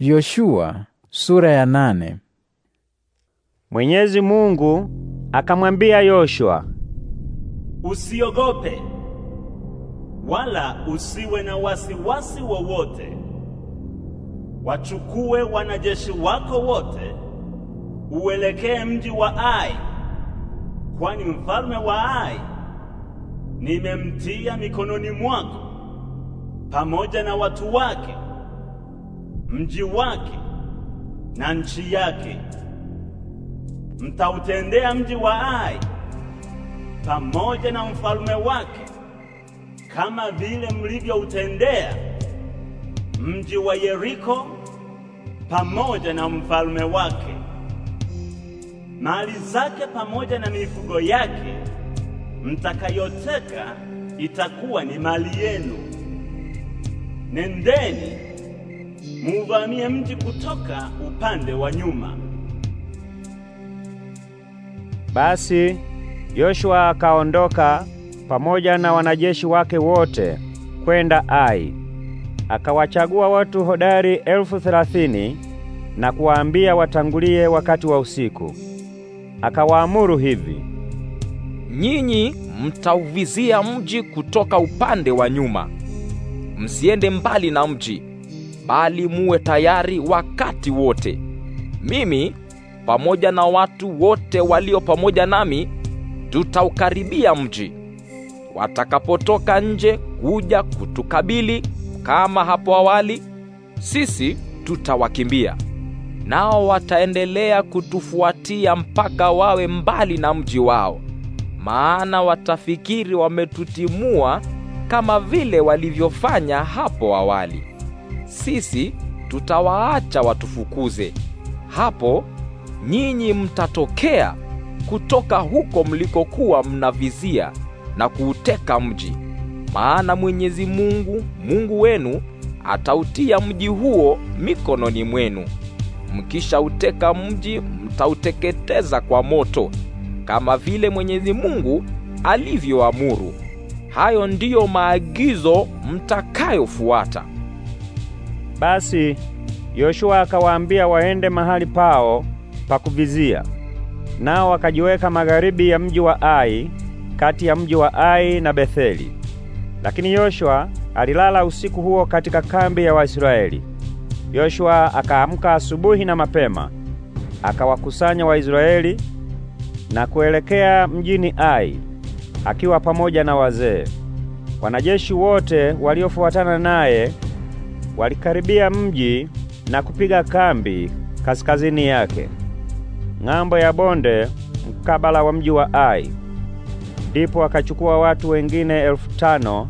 Yoshua sura ya nane. Mwenyezi Mungu akamwambia Yoshua, usiogope wala usiwe na wasiwasi wowote. Wachukue wanajeshi wako wote, uelekee mji wa Ai, kwani mfalme wa Ai nimemtia mikononi mwako pamoja na watu wake mji wake na nchi yake. Mtautendea mji wa Ai pamoja na mfalme wake kama vile mlivyoutendea mji wa Yeriko pamoja na mfalme wake. Mali zake pamoja na mifugo yake mtakayoteka itakuwa ni mali yenu. Nendeni muuvamie mji kutoka upande wa nyuma. Basi Yoshua akaondoka pamoja na wanajeshi wake wote kwenda Ai. Akawachagua watu hodari elfu thelathini na kuwaambia watangulie wakati wa usiku. Akawaamuru hivi: nyinyi mtauvizia mji kutoka upande wa nyuma, msiende mbali na mji bali muwe tayari wakati wote. Mimi pamoja na watu wote walio pamoja nami tutaukaribia mji. Watakapotoka nje kuja kutukabili kama hapo awali, sisi tutawakimbia. Nao wataendelea kutufuatia mpaka wawe mbali na mji wao, maana watafikiri wametutimua kama vile walivyofanya hapo awali sisi tutawaacha watufukuze. Hapo nyinyi mtatokea kutoka huko mlikokuwa mnavizia na kuuteka mji, maana Mwenyezi Mungu Mungu wenu atautia mji huo mikononi mwenu. Mkishauteka mji, mtauteketeza kwa moto kama vile Mwenyezi Mungu alivyoamuru. Hayo ndiyo maagizo mtakayofuata. Basi Yoshua akawaambia waende mahali pao pa kuvizia, nao wakajiweka magharibi ya mji wa Ai, kati ya mji wa Ai na Betheli. Lakini Yoshua alilala usiku huo katika kambi ya Waisraeli. Yoshua akaamka asubuhi na mapema, akawakusanya Waisraeli na kuelekea mjini Ai akiwa pamoja na wazee. Wanajeshi wote waliofuatana naye walikaribia mji na kupiga kambi kaskazini yake ng'ambo ya bonde mkabala wa mji wa Ai. Ndipo akachukua watu wengine elfu tano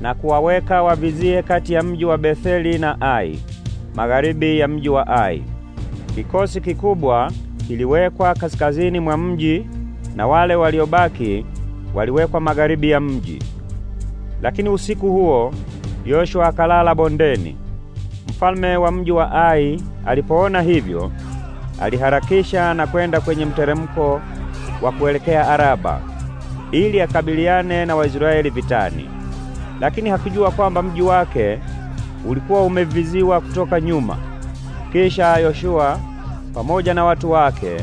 na kuwaweka wavizie kati ya mji wa Betheli na Ai, magharibi ya mji wa Ai. Kikosi kikubwa kiliwekwa kaskazini mwa mji na wale waliobaki waliwekwa magharibi ya mji. Lakini usiku huo Yoshua akalala bondeni. Mfalme wa mji wa Ai alipoona hivyo, aliharakisha na kwenda kwenye mteremko wa kuelekea Araba ili akabiliane na Waisraeli vitani, lakini hakujua kwamba mji wake ulikuwa umeviziwa kutoka nyuma. Kisha Yoshua pamoja na watu wake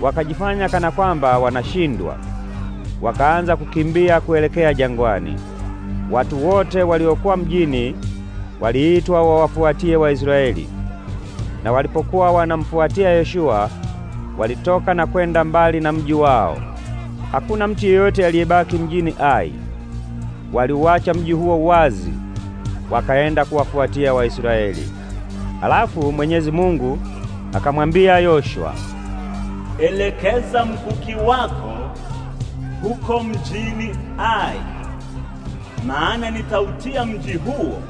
wakajifanya kana kwamba wanashindwa, wakaanza kukimbia kuelekea jangwani. Watu wote waliokuwa mjini waliitwa wawafuatie Waisraeli, na walipokuwa wanamfuatia Yoshua walitoka na kwenda mbali na mji wao. Hakuna mtu yeyote aliyebaki mjini Ai. Waliuacha mji huo wazi, wakaenda kuwafuatia Waisraeli. Alafu Mwenyezi Mungu akamwambia Yoshua, elekeza mkuki wako huko mjini Ai maana nitautia mji huo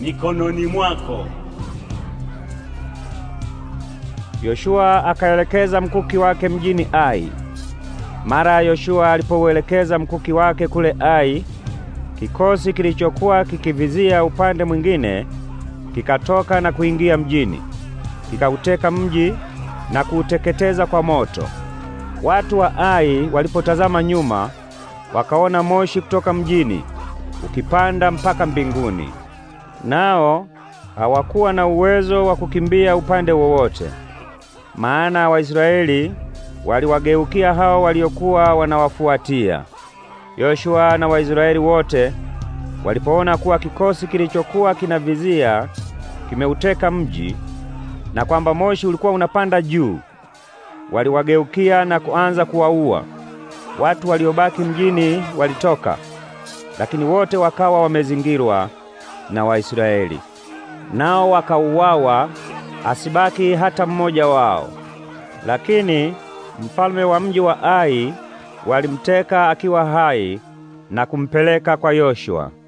mikononi mwako. Yoshua akaelekeza mkuki wake mjini Ai. Mara Yoshua alipouelekeza mkuki wake kule Ai, kikosi kilichokuwa kikivizia upande mwingine kikatoka na kuingia mjini, kikauteka mji na kuuteketeza kwa moto. Watu wa Ai walipotazama nyuma, wakaona moshi kutoka mjini, ukipanda mpaka mbinguni. Nao hawakuwa na uwezo wa kukimbia upande wowote, maana Waisraeli waliwageukia hao waliokuwa wanawafuatia. Yoshua na Waisraeli wote walipoona kuwa kikosi kilichokuwa kinavizia kimeuteka mji na kwamba moshi ulikuwa unapanda juu, waliwageukia na kuanza kuwaua. Watu waliobaki mjini walitoka lakini wote wakawa wamezingirwa na Waisraeli, nao wakauawa, asibaki hata mmoja wao. Lakini mfalme wa mji wa Ai walimteka akiwa hai na kumpeleka kwa Yoshua.